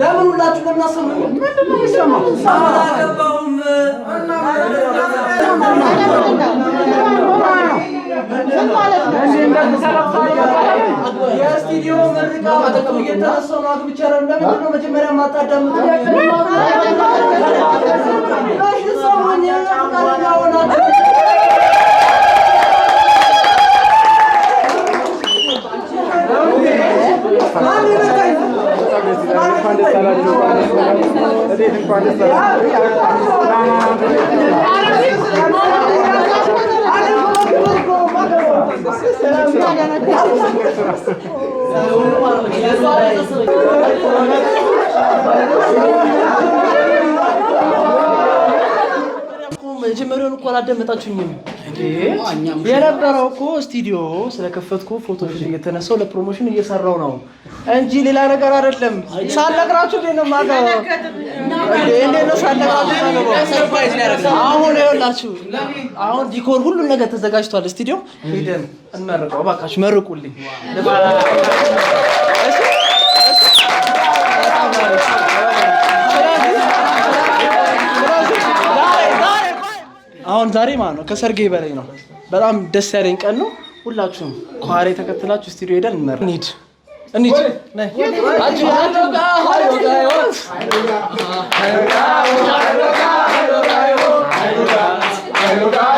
ለምን ሁላችሁ ለምናሰሙ ምንድን ነው ማለት ነው። የስቱዲዮ ምርቃት እየተነሳ ነው። አግብቻለሁ ለምንድን ነው መጀመሪያ የማታዳምጥ? እንኳን ደስ አላችሁ። መጀመሪያውን እኮ አላደመጣችሁኝም። የነበረው እኮ ስቱዲዮ ስለከፈትኩ ፎቶ እየተነሳው ለፕሮሞሽን እየሰራው ነው እንጂ ሌላ ነገር አይደለም። ሳልነግራችሁ ነው የማውቀው አሁን ይኸውላችሁ አሁን ዲኮር ሁሉም ነገር ተዘጋጅቷል። ስቱዲዮ ሄደን እንመርቀው እባካችሁ፣ መርቁልኝ። አሁን ዛሬ ማለት ነው ከሰርጌ በላይ ነው። በጣም ደስ ያለኝ ቀን ነው። ሁላችሁም ተከትላችሁ ስቱዲዮ ሄደን નીચે નહીં હાજી હાલો ગા હાલો ગાયો હાલો ગા હાલો ગા હાલો ગાયો હાલો ગા હાલો ગા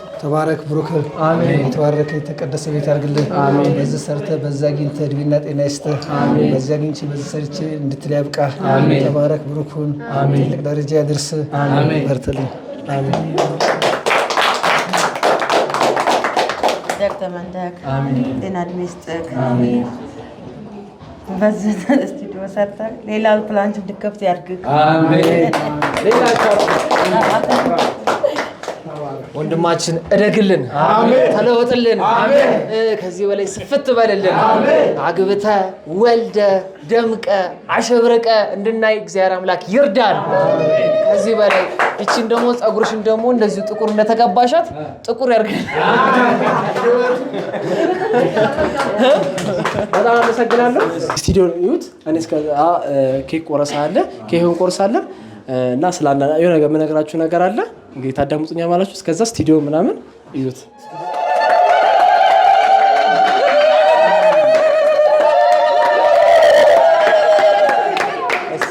ተባረክ ብሩክ አሜን። የተባረከ የተቀደሰ ቤት አድርግልህ። በዚህ ሰርተህ በዛ አግኝተህ እድሜና ጤና ይስጥህ። በዚህ አግኝቼ በዚህ ሰርቼ እንድትል አሜን። ተባረክ ብሩክ ሁን። ትልቅ ደረጃ ያድርስህ። በርትልኝ። ተመንደክ ጤና እድሜ ይስጥህ። በዚህ ስቱዲዮ ሰርተህ ሌላ ብራንች እንድከፍት ያድርግህ። ወንድማችን እደግልን፣ ተለወጥልን፣ ከዚህ በላይ ስፍት በልልን። አግብተ ወልደ ደምቀ አሸብረቀ እንድናይ እግዚአብሔር አምላክ ይርዳል። ከዚህ በላይ እቺን ደግሞ ፀጉርሽን ደግሞ እንደዚሁ ጥቁር እንደተቀባሻት ጥቁር ያርግል። በጣም አመሰግናለሁ። ስቱዲዮን እዩት። እኔ ኬክ ቆረሳ አለ ኬክን ቆርሳለን እና ስለ የሆነ ነገር የምነግራችሁ ነገር አለ እንግዲህ ታዳምጡኛ ማላችሁ። እስከዛ ስቱዲዮ ምናምን ይዙት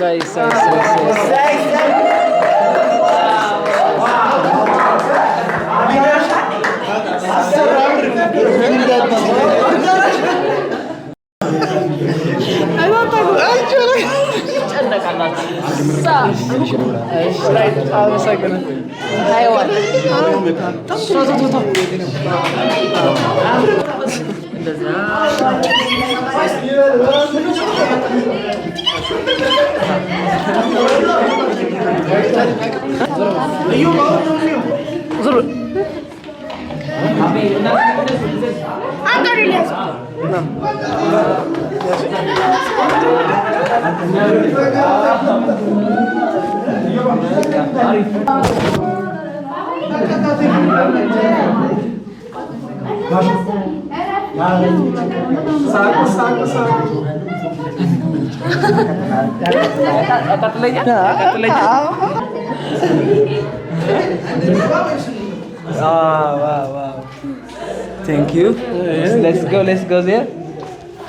ሳይ hayvan, Dur. ቴንክ ዩ ሌትስ ጎ ሌትስ ጎ ዜር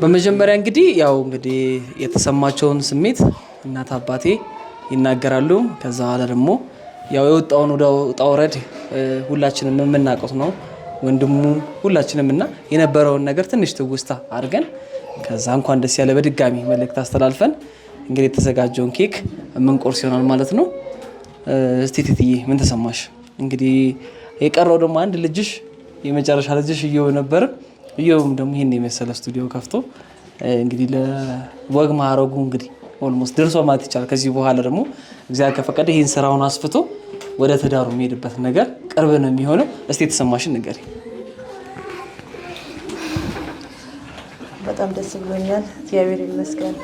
በመጀመሪያ እንግዲህ ያው እንግዲህ የተሰማቸውን ስሜት እናት አባቴ ይናገራሉ። ከዛ በኋላ ደግሞ ያው የወጣውን ወደ ውጣ ውረድ ሁላችንም የምናውቀው ነው። ወንድሙ ሁላችንም እና የነበረውን ነገር ትንሽ ትውስታ አድርገን ከዛ እንኳን ደስ ያለ በድጋሚ መልእክት አስተላልፈን እንግዲህ የተዘጋጀውን ኬክ የምንቆርስ ይሆናል ማለት ነው። እስቴቴትዬ ምን ተሰማሽ? እንግዲህ የቀረው ደግሞ አንድ ልጅሽ የመጨረሻ ልጅሽ እየሆነ ነበር እየውም ደግሞ ይሄን የመሰለ ስቱዲዮ ከፍቶ እንግዲህ ለወግ ማዕረጉ እንግዲህ ኦልሞስት ደርሶ ማለት ይቻላል። ከዚህ በኋላ ደግሞ እግዚአብሔር ከፈቀደ ይህን ስራውን አስፍቶ ወደ ትዳሩ የሚሄድበት ነገር ቅርብ ነው የሚሆነው። እስቲ የተሰማሽን ነገር። በጣም ደስ ብሎኛል። እግዚአብሔር ይመስገን።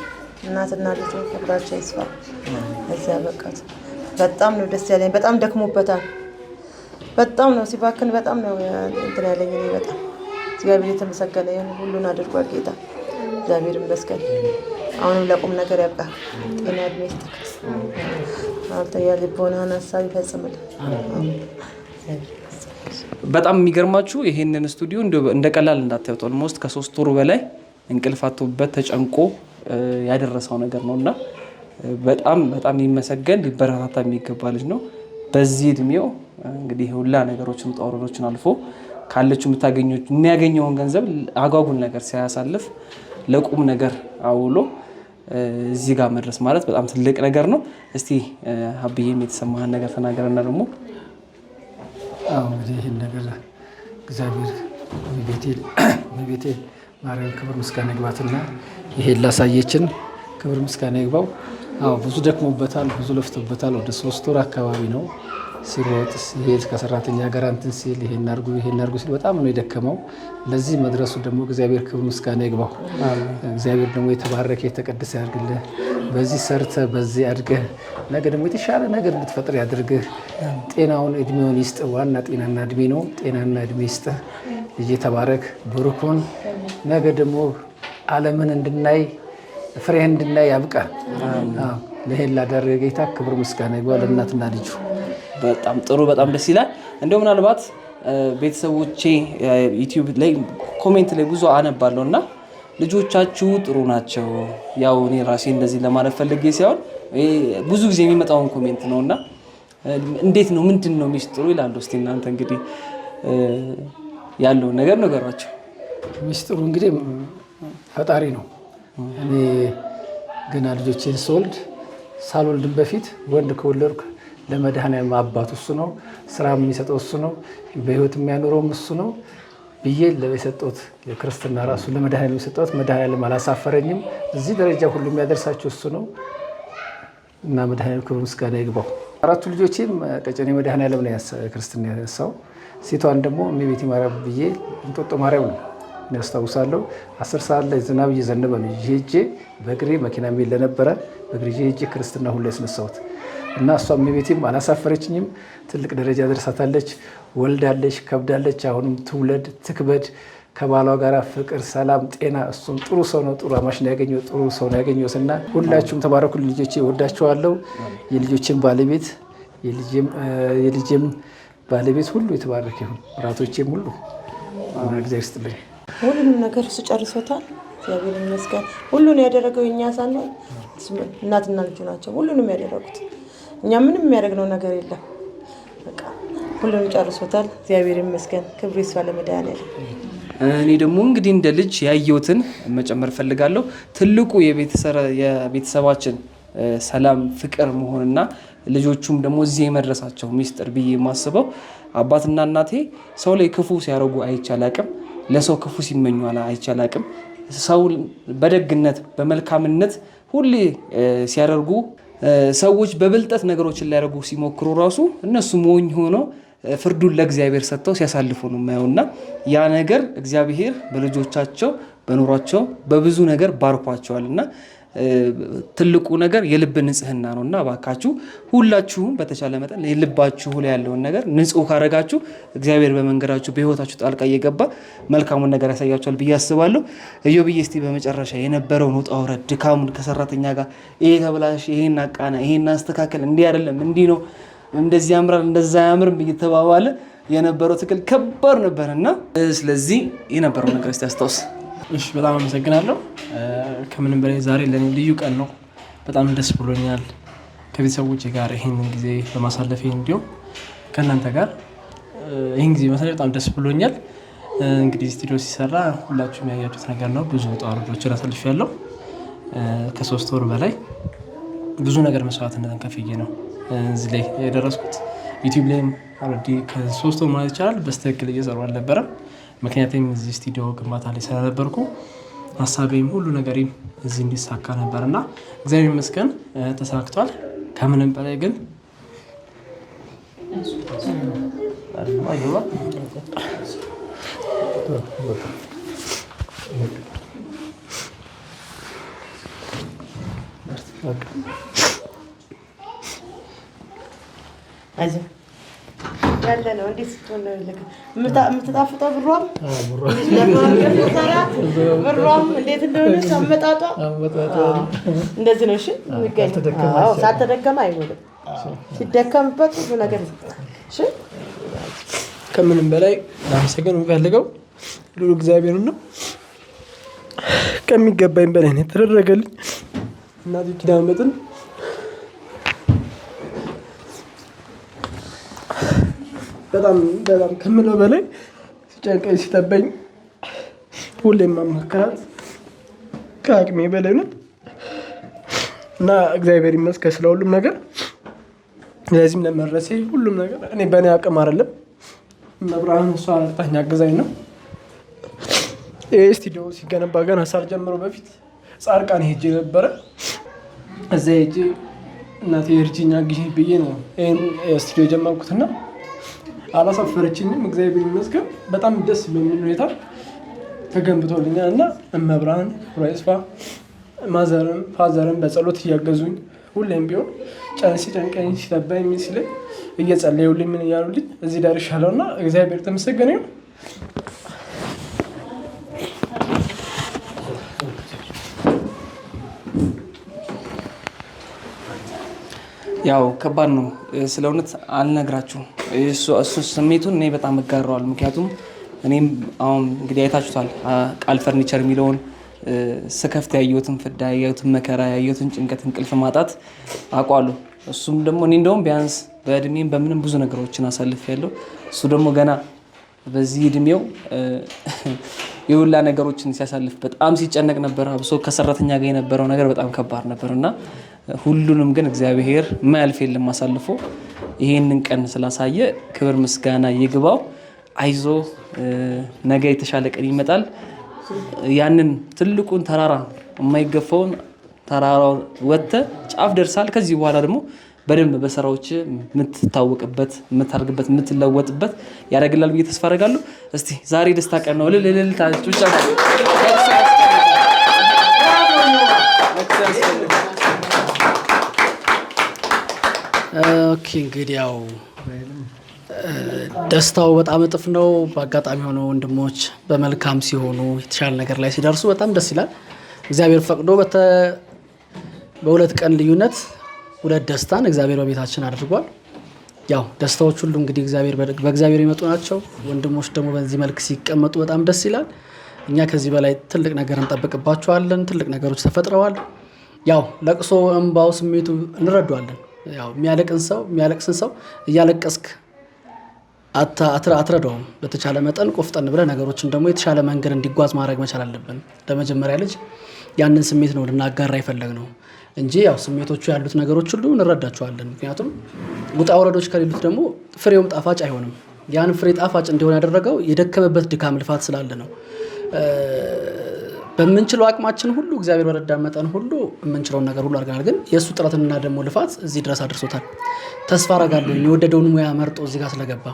እናትና ልጅ ክብራቸው ይስፋ። እዚያ በቃት። በጣም ነው ደስ ያለኝ። በጣም ደክሞበታል። በጣም ነው ሲባክን፣ በጣም ነው እንትን ያለኝ በጣም እግዚአብሔር የተመሰገነ ይሁን። ሁሉን አድርጓል ጌታ እግዚአብሔር ይመስገን። አሁንም ለቁም ነገር ያብቃ፣ ጤና እድሜ ይስጥክ። አንተያ ልቦናህን ሀሳብ ይፈጽምል። በጣም የሚገርማችሁ ይሄንን ስቱዲዮ እንደ ቀላል እንዳታዩት። ኦልሞስት ከሶስት ወር በላይ እንቅልፍ አጥቶበት ተጨንቆ ያደረሰው ነገር ነው እና በጣም በጣም የሚመሰገን ሊበረታታ የሚገባ ልጅ ነው። በዚህ እድሜው እንግዲህ ሁላ ነገሮችን ውጣ አልፎ ካለችው የምታገኘች የሚያገኘውን ገንዘብ አጓጉል ነገር ሳያሳልፍ ለቁም ነገር አውሎ እዚህ ጋር መድረስ ማለት በጣም ትልቅ ነገር ነው። እስቲ አብዬም የተሰማህን ነገር ተናገረና ደግሞ እንግዲህ ይህን ነገር እግዚአብሔር ቤቴ ማርያም ክብር ምስጋና ይግባትና ይሄን ላሳየችን ክብር ምስጋና ይግባው። ብዙ ደክሞበታል፣ ብዙ ለፍቶበታል። ወደ ሶስት ወር አካባቢ ነው ሲሮጥ ሲሄድ ከሰራተኛ ጋር እንትን ሲል ይሄን አድርጉ ይሄን አድርጉ ሲል በጣም ነው የደከመው። ለዚህ መድረሱ ደግሞ እግዚአብሔር ክብር ምስጋና ይግባው። እግዚአብሔር ደግሞ የተባረከ የተቀደሰ ያድርግልህ። በዚህ ሰርተ በዚህ አድገህ ነገ ደግሞ የተሻለ ነገር እንድትፈጥር ያድርግህ። ጤናውን እድሜውን ይስጥ። ዋና ጤናና እድሜ ነው። ጤናና እድሜ ይስጥ። ልጅ የተባረክ ብሩኩን ነገ ደግሞ ዓለምን እንድናይ ፍሬህን እንድናይ ያብቃ። ለሄን ላደረገ ጌታ ክብር ምስጋና ይግባ ለእናትና ልጁ በጣም ጥሩ፣ በጣም ደስ ይላል። እንደው ምናልባት ቤተሰቦቼ ዩቲዩብ ላይ ኮሜንት ላይ ብዙ አነባለሁ እና ልጆቻችሁ ጥሩ ናቸው፣ ያው እኔ ራሴ እንደዚህ ለማለት ፈልጌ ሳይሆን ብዙ ጊዜ የሚመጣውን ኮሜንት ነው እና እንዴት ነው ምንድን ነው ሚስጥሩ ይላሉ። እስኪ እናንተ እንግዲህ ያለውን ነገር ነገሯቸው። ሚስጥሩ እንግዲህ ፈጣሪ ነው። እኔ ገና ልጆቼን ስወልድ ሳልወልድም በፊት ወንድ ከወለድኩ ለመድኃኔዓለም አባት እሱ ነው፣ ስራ የሚሰጠው እሱ ነው፣ በህይወት የሚያኖረውም እሱ ነው ብዬ የሰጠሁት የክርስትና ራሱ ለመድኃኔዓለም የሰጠሁት መድኃኔዓለም አላሳፈረኝም። እዚህ ደረጃ ሁሉ የሚያደርሳቸው እሱ ነው እና መድኃኔዓለም ክብር ምስጋና ይግባው። አራቱ ልጆቼም ቀጨኔ መድኃኔዓለም ነው ክርስትና ያነሳው። ሴቷን ደግሞ እመቤቴ ማርያም ብዬ እንጦጦ ማርያም ነው ያስታውሳለሁ። አስር ሰዓት ላይ ዝናብ እየዘነበ ነው ሄጄ በእግሬ መኪና የሚል ለነበረ በእግሬ ሄጄ ክርስትና ሁሉ ያስነሳሁት እና እሷም የቤቴም አላሳፈረችኝም። ትልቅ ደረጃ ደርሳታለች፣ ወልዳለች፣ ከብዳለች። አሁንም ትውለድ ትክበድ። ከባሏ ጋር ፍቅር፣ ሰላም፣ ጤና። እሱም ጥሩ ሰው ነው። ጥሩ አማሽ ነው ያገኘው። ጥሩ ሰው ነው ያገኘሁት እና ሁላችሁም ተባረኩ። ልጆቼ ወዳችኋለሁ። የልጆችን ባለቤት የልጅም ባለቤት ሁሉ የተባረክ ይሁን። ራቶቼም ሁሉ እግዚአብሔር ይስጥልኝ። ሁሉንም ነገር እሱ ጨርሶታል። እግዚአብሔር ይመስገን። ሁሉን ያደረገው የእኛ ሳንሆን እናትና ልጁ ናቸው ሁሉንም ያደረጉት። እኛ ምንም የሚያደርግነው ነገር የለም። በቃ ሁሉም ጨርሶታል። እግዚአብሔር ይመስገን። ክብሩ ይስፋ ለመድኃኒዓለም። እኔ ደግሞ እንግዲህ እንደ ልጅ ያየሁትን መጨመር ፈልጋለሁ። ትልቁ የቤተሰባችን ሰላም፣ ፍቅር መሆንና ልጆቹም ደግሞ እዚህ የመድረሳቸው ሚስጥር ብዬ የማስበው አባትና እናቴ ሰው ላይ ክፉ ሲያደርጉ አይቻላቅም፣ ለሰው ክፉ ሲመኙ አቅም ሰው በደግነት በመልካምነት ሁሌ ሲያደርጉ ሰዎች በብልጠት ነገሮችን ሊያደርጉ ሲሞክሩ ራሱ እነሱ ሞኝ ሆነው ፍርዱን ለእግዚአብሔር ሰጥተው ሲያሳልፉ ነው የማየውና ያ ነገር እግዚአብሔር በልጆቻቸው በኑሯቸው በብዙ ነገር ባርኳቸዋልና ትልቁ ነገር የልብ ንጽህና ነው እና እባካችሁ ሁላችሁም በተቻለ መጠን የልባችሁ ላይ ያለውን ነገር ንጹህ ካረጋችሁ እግዚአብሔር በመንገዳችሁ በህይወታችሁ ጣልቃ እየገባ መልካሙን ነገር ያሳያችኋል ብዬ አስባለሁ። እዮብዬ እስቲ በመጨረሻ የነበረውን ውጣ ውረድ ድካሙን ከሰራተኛ ጋር ይሄ ተብላሽ፣ ይሄን አቃና፣ ይሄን አስተካከል፣ እንዲህ አይደለም እንዲህ ነው፣ እንደዚህ ያምራል፣ እንደዛ ያምርም እየተባባለ የነበረው ትክል ከባድ ነበር እና ስለዚህ የነበረው ነገር እስቲ አስታውስ። እሺ፣ በጣም አመሰግናለሁ። ከምንም በላይ ዛሬ ለእኔ ልዩ ቀን ነው። በጣም ደስ ብሎኛል ከቤተሰቦቼ ጋር ይህንን ጊዜ በማሳለፍ እንዲሁም ከእናንተ ጋር ይህን ጊዜ ማሳለፍ በጣም ደስ ብሎኛል። እንግዲህ ስቱዲዮ ሲሰራ ሁላችሁም ያያችሁት ነገር ነው። ብዙ ውጣ ውረዶችን አሳልፌያለሁ። ከሶስት ወር በላይ ብዙ ነገር መስዋዕትነትን ከፍዬ ነው እዚህ ላይ የደረስኩት። ዩቲዩብ ላይም ከሶስት ወር ማለት ይቻላል በስትክክል እየሰሩ አልነበረም። ምክንያቱም እዚህ ስቱዲዮ ግንባታ ላይ ስለነበርኩ ሀሳቤም ሁሉ ነገሬም እዚህ እንዲሳካ ነበር እና እግዚአብሔር ይመስገን ተሳክቷል። ከምንም በላይ ግን አይ ያለ ነው። እንዴት ስትሆን የምትጣፍጠው? ብሯም ብሯም እንዴት እንደሆነች አመጣጧ እንደዚህ ነው። እሺ አይሆንም። ሲደከምበት ነገር ከምንም በላይ ላመሰግን የምፈልገው ሉሉ እግዚአብሔርን ነው። ከሚገባኝ በላይ ነው የተደረገልኝ ኪዳነ ምሕረትን በጣም በጣም ከምለው በላይ ሲጨንቀኝ ሲጠበኝ ሁሌ ማማከራት ከአቅሜ በላይ ነው እና እግዚአብሔር ይመስገን ስለ ሁሉም ነገር። ለዚህም ለመድረሴ ሁሉም ነገር እኔ በእኔ አቅም አይደለም። መብርሃን እሷ ረድታኝ አግዛኝ ነው። ይህ ስቱዲዮ ሲገነባ ገና ሳልጀምሮ በፊት ጻርቃን ሄጅ ነበረ። እዛ ሄጅ እናቴ እርጅኝ ጊዜ ብዬ ነው ይህን ስቱዲዮ የጀመርኩትና አላሳፈረችኝም። እግዚአብሔር ይመስገን። በጣም ደስ በሚል ሁኔታ ተገንብቶልኛል እና እመብርሃን ፕሮስፋ ማዘርም ፋዘርም በጸሎት እያገዙኝ ሁሌም ቢሆን ጨን ሲጨንቀኝ ሲለባ የሚል ሲለኝ እየጸለዩልኝ ምን እያሉልኝ እዚህ ደርሻለሁ እና እግዚአብሔር ተመሰገነ። ያው ከባድ ነው። ስለ እውነት አልነግራችሁም። እሱ ስሜቱን እኔ በጣም እጋረዋል። ምክንያቱም እኔም አሁን እንግዲህ አይታችሁታል ቃል ፈርኒቸር የሚለውን ስከፍት ያየሁትን ፍዳ፣ ያየሁትን መከራ፣ ያየሁትን ጭንቀት፣ እንቅልፍ ማጣት አውቋሉ እሱም ደግሞ እኔ እንደውም ቢያንስ በእድሜም በምንም ብዙ ነገሮችን አሳልፍ ያለው እሱ ደግሞ ገና በዚህ እድሜው የሁላ ነገሮችን ሲያሳልፍ በጣም ሲጨነቅ ነበር። አብሶ ከሰራተኛ ጋር የነበረው ነገር በጣም ከባድ ነበር እና ሁሉንም ግን እግዚአብሔር ማያልፍ የለም አሳልፎ ይህንን ቀን ስላሳየ ክብር ምስጋና ይግባው። አይዞ ነገ የተሻለ ቀን ይመጣል። ያንን ትልቁን ተራራ የማይገፋውን ተራራ ወጥተ ጫፍ ደርሳል። ከዚህ በኋላ ደግሞ በደንብ በስራዎች የምትታወቅበት የምታደርግበት የምትለወጥበት ያደርግላል ብዬ ተስፋ አደርጋለሁ። እስቲ ዛሬ ደስታ ቀን ነው። ኦኬ እንግዲህ ያው ደስታው በጣም እጥፍ ነው። በአጋጣሚ የሆነ ወንድሞች በመልካም ሲሆኑ የተሻለ ነገር ላይ ሲደርሱ በጣም ደስ ይላል። እግዚአብሔር ፈቅዶ በሁለት ቀን ልዩነት ሁለት ደስታን እግዚአብሔር በቤታችን አድርጓል። ያው ደስታዎች ሁሉ እንግዲህ በእግዚአብሔር የመጡ ናቸው። ወንድሞች ደግሞ በዚህ መልክ ሲቀመጡ በጣም ደስ ይላል። እኛ ከዚህ በላይ ትልቅ ነገር እንጠብቅባቸዋለን። ትልቅ ነገሮች ተፈጥረዋል። ያው ለቅሶ፣ እንባው፣ ስሜቱ እንረዷዋለን። ያው የሚያለቅን ሰው የሚያለቅስን ሰው እያለቀስክ አትረዳውም። በተቻለ መጠን ቆፍጠን ብለህ ነገሮችን ደግሞ የተሻለ መንገድ እንዲጓዝ ማድረግ መቻል አለብን። ለመጀመሪያ ልጅ ያንን ስሜት ነው ልናጋራ ይፈለግ ነው እንጂ ያው ስሜቶቹ ያሉት ነገሮች ሁሉ እንረዳቸዋለን። ምክንያቱም ውጣ ውረዶች ከሌሉት ደግሞ ፍሬውም ጣፋጭ አይሆንም። ያን ፍሬ ጣፋጭ እንዲሆን ያደረገው የደከመበት ድካም ልፋት ስላለ ነው። በምንችለው አቅማችን ሁሉ እግዚአብሔር በረዳ መጠን ሁሉ የምንችለውን ነገር ሁሉ አድርገናል። ግን የእሱ ጥረትና ደግሞ ልፋት እዚህ ድረስ አድርሶታል። ተስፋ አረጋለሁ የወደደውን ሙያ መርጦ እዚህ ጋር ስለገባ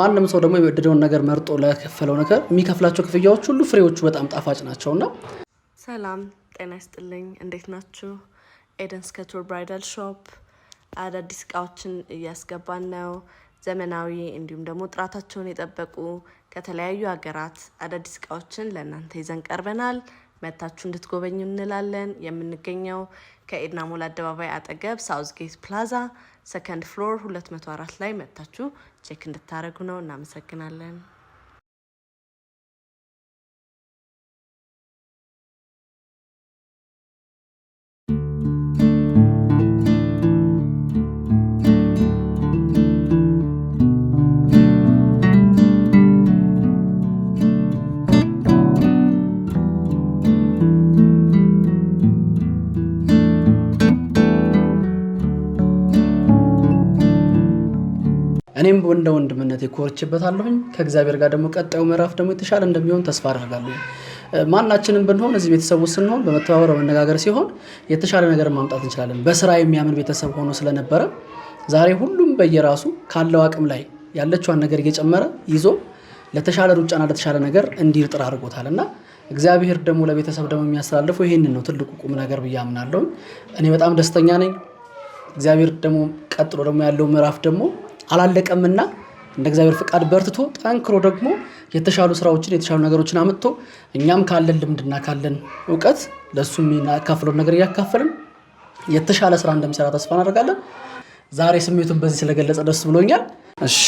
ማንም ሰው ደግሞ የወደደውን ነገር መርጦ ለከፈለው ነገር የሚከፍላቸው ክፍያዎች ሁሉ ፍሬዎቹ በጣም ጣፋጭ ናቸውና። ሰላም ጤና ይስጥልኝ። እንዴት ናችሁ? ኤደንስ ከቱር ብራይዳል ሾፕ አዳዲስ እቃዎችን እያስገባን ነው። ዘመናዊ እንዲሁም ደግሞ ጥራታቸውን የጠበቁ ከተለያዩ ሀገራት አዳዲስ እቃዎችን ለእናንተ ይዘን ቀርበናል። መታችሁ እንድትጎበኙ እንላለን። የምንገኘው ከኤድና ሞል አደባባይ አጠገብ ጌት ፕላዛ ሰከንድ ፍሎር 204 ላይ መታችሁ ቼክ እንድታደርጉ ነው። እናመሰግናለን። በደንብ እንደ ወንድምነት ኮርችበታለሁኝ። ከእግዚአብሔር ጋር ደግሞ ቀጣዩ ምዕራፍ ደግሞ የተሻለ እንደሚሆን ተስፋ አደርጋለሁ። ማናችንም ብንሆን እዚህ ቤተሰብ ውስጥ ስንሆን በመተባበር መነጋገር ሲሆን የተሻለ ነገር ማምጣት እንችላለን። በስራ የሚያምን ቤተሰብ ሆኖ ስለነበረ ዛሬ ሁሉም በየራሱ ካለው አቅም ላይ ያለችዋን ነገር እየጨመረ ይዞ ለተሻለ ሩጫና ለተሻለ ነገር እንዲርጥር አድርጎታል እና እግዚአብሔር ደግሞ ለቤተሰብ ደግሞ የሚያስተላልፈው ይህንን ነው ትልቁ ቁም ነገር ብዬ አምናለሁ። እኔ በጣም ደስተኛ ነኝ። እግዚአብሔር ደግሞ ቀጥሎ ደግሞ ያለው ምዕራፍ ደግሞ አላለቀምና እንደ እግዚአብሔር ፍቃድ በርትቶ ጠንክሮ ደግሞ የተሻሉ ስራዎችን የተሻሉ ነገሮችን አምጥቶ እኛም ካለን ልምድና ካለን እውቀት ለእሱ የሚካፍለውን ነገር እያካፈልን የተሻለ ስራ እንደሚሰራ ተስፋ እናደርጋለን። ዛሬ ስሜቱን በዚህ ስለገለጸ ደስ ብሎኛል። እሺ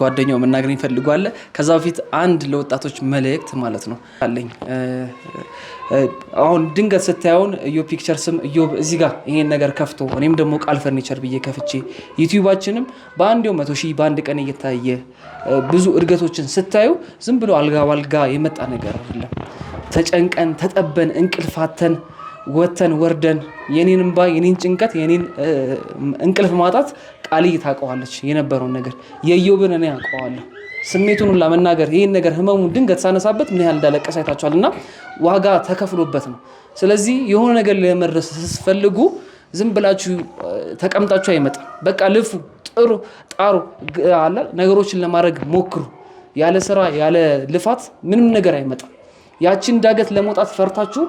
ጓደኛው መናገር ይፈልጓለ። ከዛ በፊት አንድ ለወጣቶች መልእክት ማለት ነው አለኝ አሁን ድንገት ስታየውን እዮ ፒክቸርስም እዮብ እዚህ ጋር ይሄን ነገር ከፍቶ እኔም ደግሞ ቃል ፈርኒቸር ብዬ ከፍቼ ዩቲዩባችንም ው መቶ ሺህ በአንድ ቀን እየታየ ብዙ እድገቶችን ስታዩ ዝም ብሎ አልጋ ባልጋ የመጣ ነገር አይደለም። ተጨንቀን ተጠበን እንቅልፋተን ወተን ወርደን የኔን እንባ የኔን ጭንቀት የኔን እንቅልፍ ማጣት ቃልይ ታውቀዋለች የነበረውን ነገር የዮብን እኔ አውቀዋለሁ። ስሜቱን ለመናገር ይህን ነገር ህመሙን ድንገት ሳነሳበት ምን ያህል እንዳለቀሰ አይታችኋል። እና ዋጋ ተከፍሎበት ነው። ስለዚህ የሆነ ነገር ለመድረስ ስትፈልጉ ዝም ብላችሁ ተቀምጣችሁ አይመጣም። በቃ ልፉ፣ ጥሩ፣ ጣሩ አለ ነገሮችን ለማድረግ ሞክሩ። ያለ ስራ ያለ ልፋት ምንም ነገር አይመጣም። ያችን ዳገት ለመውጣት ፈርታችሁ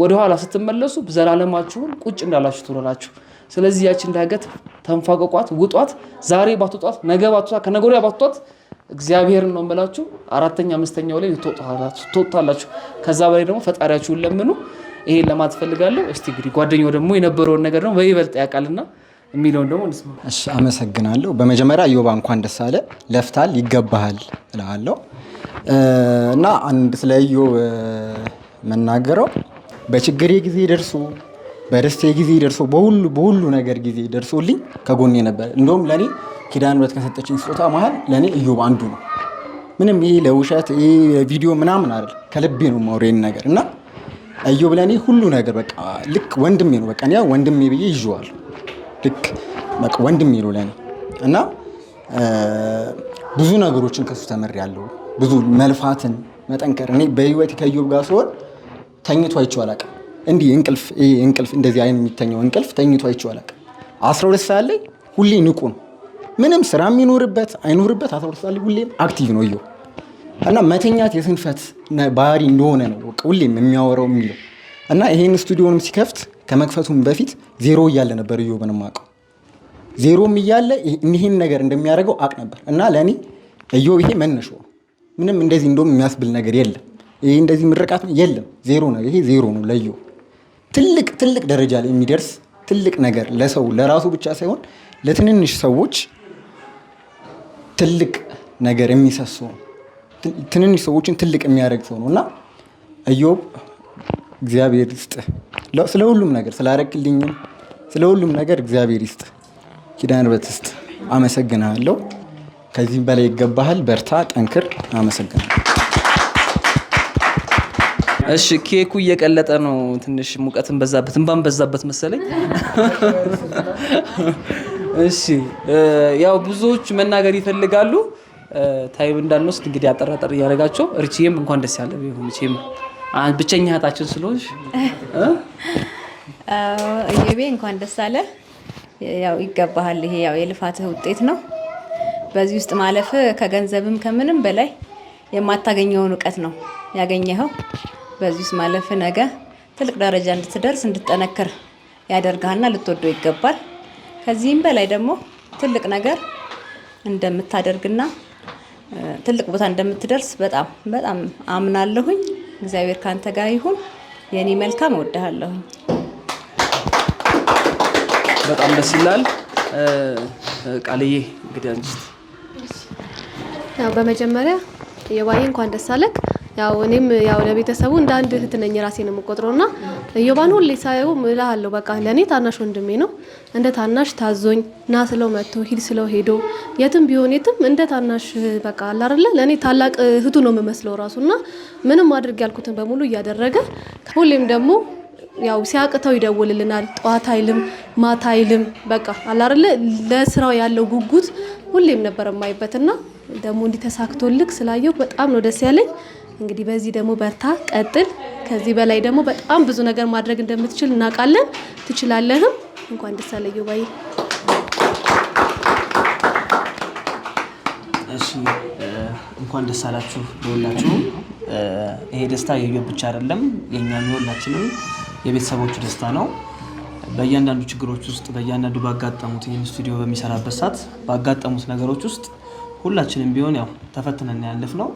ወደኋላ ስትመለሱ ዘላለማችሁን ቁጭ እንዳላችሁ ትውላላችሁ። ስለዚህ ያችን ዳገት ተንፋቀቋት፣ ውጧት። ዛሬ ባትውጧት ነገ ባትውጧት ከነገ ወዲያ ባትውጧት እግዚአብሔርን ነው የምላችሁ። አራተኛ አምስተኛው ላይ ትወጣላችሁ። ከዛ በላይ ደግሞ ፈጣሪያችሁን ለምኑ። ይሄን ለማት ፈልጋለሁ። እስቲ እንግዲህ ጓደኛው ደግሞ የነበረውን ነገር ደግሞ በይበልጥ ያውቃልና የሚለውን ደግሞ እንስማ። እሺ፣ አመሰግናለሁ። በመጀመሪያ ዮባ እንኳን ደስ አለ። ለፍታል፣ ይገባሃል እላለሁ እና አንድ ስለ ኢዮብ መናገረው በችግሬ ጊዜ ደርሶ በደስቴ ጊዜ ደርሶ በሁሉ በሁሉ ነገር ጊዜ ደርሶልኝ ከጎኔ ነበር። እንደውም ለእኔ ኪዳን ምሕረት ከሰጠችኝ ስጦታ መሀል ለእኔ እዮብ አንዱ ነው። ምንም ይሄ ለውሸት ይሄ ቪዲዮ ምናምን አይደል፣ ከልቤ ነው ማውሬን ነገር እና እዮብ ለእኔ ሁሉ ነገር በቃ ልክ ወንድሜ ነው። በቃ ያ ወንድሜ ብዬ ይዤዋለሁ። ልክ በቃ ወንድሜ ነው ለእኔ እና ብዙ ነገሮችን ከሱ ተምሬያለሁ። ብዙ መልፋትን፣ መጠንከር እኔ በህይወት ከእዮብ ጋር ሲሆን ተኝቶ አይቼው አላውቅም። እንዲህ እንቅልፍ ይሄ እንቅልፍ እንደዚህ አይነት የሚተኘው እንቅልፍ ተኝቶ አይቼው አላውቅም። አስራ ሁለት ሰዓት ላይ ሁሌ ንቁ ነው ምንም ስራ የሚኖርበት አይኖርበት አታወርሳል። ሁሌም አክቲቭ ነው እየው እና መተኛት የስንፈት ባህሪ እንደሆነ ነው ሁሌም የሚያወራው የሚለው እና ይሄን ስቱዲዮንም ሲከፍት ከመክፈቱም በፊት ዜሮ እያለ ነበር እዮ ምንም ብንማቀው ዜሮም እያለ ይህን ነገር እንደሚያደርገው አቅ ነበር እና ለእኔ እዮ ይሄ መነሾ ምንም እንደዚህ እንደውም የሚያስብል ነገር የለም። ይሄ እንደዚህ ምርቃት የለም። ዜሮ ነው። ይሄ ዜሮ ነው ለዮ ትልቅ ትልቅ ደረጃ ላይ የሚደርስ ትልቅ ነገር ለሰው ለራሱ ብቻ ሳይሆን ለትንንሽ ሰዎች ትልቅ ነገር የሚሰስ ሰው ትንንሽ ሰዎችን ትልቅ የሚያደርግ ሰው ነው እና እዮብ እግዚአብሔር ይስጥ ስለ ሁሉም ነገር ስላረክልኝም ስለ ሁሉም ነገር እግዚአብሔር ይስጥ። ኪዳነምህረት ይስጥ። አመሰግናለሁ። ከዚህም በላይ ይገባሃል። በርታ፣ ጠንክር። አመሰግናለሁ። እሺ፣ ኬኩ እየቀለጠ ነው። ትንሽ ሙቀትን በዛበት እንባን በዛበት መሰለኝ። እሺ ያው ብዙዎች መናገር ይፈልጋሉ። ታይብ እንዳንወስድ እንግዲህ አጠራጠር እያደረጋቸው እርችዬም እንኳን ደስ ያለ ቢሆን ብቸኛ እህታችን ስለሆንሽ እየቤ እንኳን ደስ አለ። ያው ይገባሃል። ይሄ ያው የልፋትህ ውጤት ነው። በዚህ ውስጥ ማለፍ ከገንዘብም ከምንም በላይ የማታገኘውን እውቀት ነው ያገኘኸው። በዚህ ውስጥ ማለፍ ነገ ትልቅ ደረጃ እንድትደርስ እንድትጠነክር ያደርግሃልና ልትወደው ይገባል። ከዚህም በላይ ደግሞ ትልቅ ነገር እንደምታደርግና ትልቅ ቦታ እንደምትደርስ በጣም በጣም አምናለሁኝ። እግዚአብሔር ካንተ ጋር ይሁን። የኔ መልካም እወድሃለሁኝ። በጣም ደስ ይላል። ቃልዬ እንግዲህ አንቺ በመጀመሪያ የዋዬ እንኳን ደስ አለህ። ያው እኔም ያው ለቤተሰቡ እንደ አንድ እህት ነኝ ራሴን የምቆጥረው እና ዮባን ሁሌ ሳየው እልሃለሁ በቃ ለእኔ ታናሽ ወንድሜ ነው። እንደ ታናሽ ታዞኝ ና ስለው መጥቶ ሂድ ስለው ሄዶ የትም ቢሆን የትም እንደ ታናሽ በቃ አላረለ ለእኔ ታላቅ እህቱ ነው የምመስለው ራሱ እና ምንም አድርግ ያልኩትን በሙሉ እያደረገ ሁሌም ደግሞ ያው ሲያቅተው ይደውልልናል። ጠዋት አይልም ማታ አይልም። በቃ አላረለ ለስራው ያለው ጉጉት ሁሌም ነበር የማይበትና ደግሞ እንዲተሳክቶልክ ስላየው በጣም ነው ደስ ያለኝ። እንግዲህ በዚህ ደግሞ በርታ፣ ቀጥል። ከዚህ በላይ ደግሞ በጣም ብዙ ነገር ማድረግ እንደምትችል እናውቃለን። ትችላለህም። እንኳን ደስ አለህ እሺ፣ እንኳን ደስ አላችሁ ለሁላችሁ። ይሄ ደስታ የዮብ ብቻ አይደለም፣ የእኛም የሁላችንም የቤተሰቦቹ ደስታ ነው። በእያንዳንዱ ችግሮች ውስጥ በእያንዳንዱ ባጋጠሙት ይህን ስቱዲዮ በሚሰራበት ሰዓት ባጋጠሙት ነገሮች ውስጥ ሁላችንም ቢሆን ያው ተፈትነን ያለፍ ነው።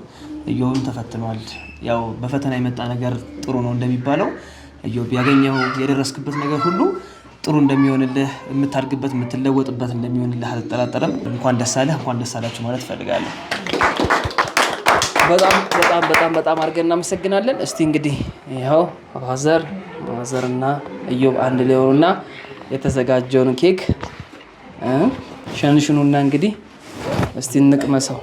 እዮብም ተፈትኗል። ያው በፈተና የመጣ ነገር ጥሩ ነው እንደሚባለው እዮብ ያገኘው የደረስክበት ነገር ሁሉ ጥሩ እንደሚሆንልህ የምታድግበት የምትለወጥበት እንደሚሆንልህ አልጠራጠረም። እንኳን ደስ አለህ፣ እንኳን ደስ አላችሁ ማለት እፈልጋለሁ። በጣም በጣም በጣም በጣም አድርገን እናመሰግናለን። እስቲ እንግዲህ ይኸው አባዘር እና እዮብ አንድ ሊሆኑና የተዘጋጀውን ኬክ ሸንሽኑና እንግዲህ እስቲ እንቅመሰው።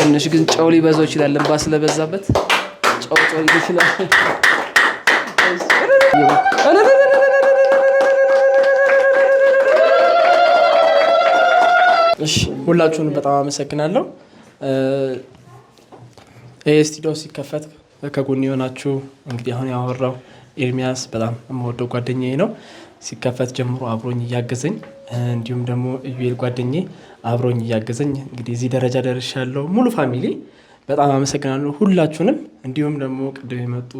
ትንሽ ግን ጨው ሊበዛው ይችላል። ልባ ስለበዛበት ጨው ጨው ይችላል። እሺ ሁላችሁን በጣም አመሰግናለሁ። ይሄ ስቱዲዮ ሲከፈት ከጎን የሆናችሁ እንግዲህ አሁን ያወራው ኤርሚያስ በጣም የምወደው ጓደኛዬ ነው። ሲከፈት ጀምሮ አብሮኝ እያገዘኝ እንዲሁም ደግሞ ዩኤል ጓደኜ አብሮኝ እያገዘኝ እንግዲህ እዚህ ደረጃ ደርሻለሁ። ሙሉ ፋሚሊ በጣም አመሰግናለሁ ሁላችሁንም። እንዲሁም ደግሞ ቅድም የመጡ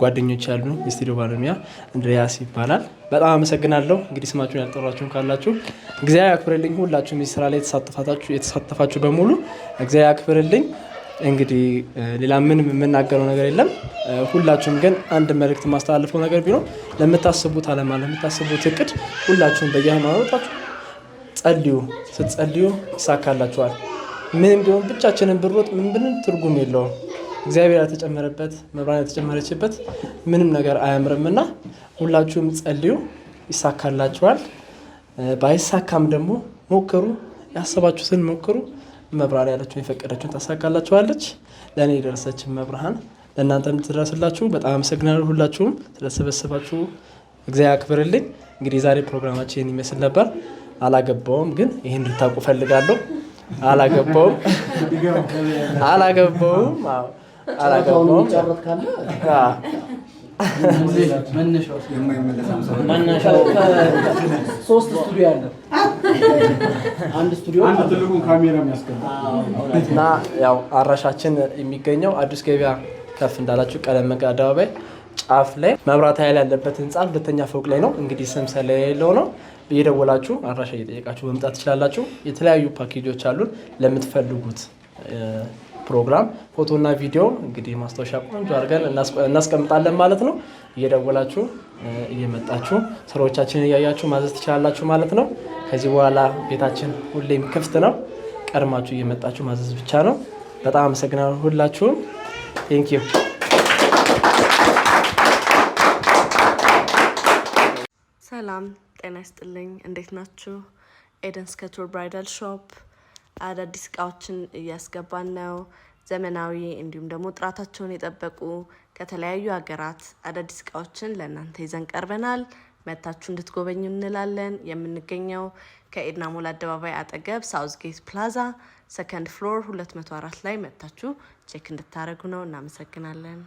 ጓደኞች ያሉ የስቱዲዮ ባለሙያ እንድሪያስ ይባላል። በጣም አመሰግናለሁ። እንግዲህ ስማችሁን ያልጠራችሁም ካላችሁ እግዚአብሔር ያክብርልኝ። ሁላችሁም ስራ ላይ የተሳተፋችሁ በሙሉ እግዚአብሔር ያክብርልኝ። እንግዲህ ሌላ ምን የምናገረው ነገር የለም። ሁላችሁም ግን አንድ መልእክት የማስተላልፈው ነገር ቢኖር ለምታስቡት አለማ ለምታስቡት እቅድ ሁላችሁም በየሃይማኖታችሁ ጸልዩ። ስትጸልዩ ይሳካላችኋል። ምንም ቢሆን ብቻችንን ብሮጥ ምን ብንም ትርጉም የለውም። እግዚአብሔር ያልተጨመረበት መብራን ያልተጨመረችበት ምንም ነገር አያምርም እና ሁላችሁም ጸልዩ፣ ይሳካላችኋል። ባይሳካም ደግሞ ሞክሩ፣ ያሰባችሁትን ሞክሩ። መብራሪ ያለችውን የፈቀደችውን ታሳካላችኋለች። ለእኔ የደረሰችን መብርሃን ለእናንተ የምትደረስላችሁ በጣም አመሰግናለሁ። ሁላችሁም ስለተሰበሰባችሁ እግዚአብሔር አክብርልኝ። እንግዲህ የዛሬ ፕሮግራማችን ይመስል ነበር። አላገባውም፣ ግን ይህን እንድታውቁ ፈልጋለሁ። አላገባውም አላገባውም አላገባውም መነሻው ሶስት ስቱዲዮ ያለ አንድ ስቱዲዮ እና ያው አራሻችን የሚገኘው አዲስ ገበያ ከፍ እንዳላችሁ ቀለም መንገድ አደባባይ ጫፍ ላይ መብራት ኃይል ያለበት ህንፃ ሁለተኛ ፎቅ ላይ ነው። እንግዲህ ስም ስለሌለው ነው እየደወላችሁ አድራሻ እየጠየቃችሁ መምጣት ትችላላችሁ። የተለያዩ ፓኬጆች አሉን ለምትፈልጉት ፕሮግራም ፎቶና ቪዲዮ እንግዲህ ማስታወሻ ቆንጆ አድርገን እናስቀምጣለን ማለት ነው። እየደወላችሁ እየመጣችሁ ስራዎቻችንን እያያችሁ ማዘዝ ትችላላችሁ ማለት ነው። ከዚህ በኋላ ቤታችን ሁሌም ክፍት ነው። ቀድማችሁ እየመጣችሁ ማዘዝ ብቻ ነው። በጣም አመሰግናለሁ ሁላችሁም። ቴንክ ዩ ሰላም ጤና ይስጥልኝ። እንዴት ናችሁ? ኤደንስ ከቱር ብራይዳል ሾፕ አዳዲስ እቃዎችን እያስገባን ነው። ዘመናዊ እንዲሁም ደግሞ ጥራታቸውን የጠበቁ ከተለያዩ ሀገራት አዳዲስ እቃዎችን ለእናንተ ይዘን ቀርበናል። መታችሁ እንድትጎበኙ እንላለን። የምንገኘው ከኤድና ሞል አደባባይ አጠገብ ሳውዝ ጌት ፕላዛ ሰከንድ ፍሎር ሁለት መቶ አራት ላይ መታችሁ ቼክ እንድታደርጉ ነው። እናመሰግናለን።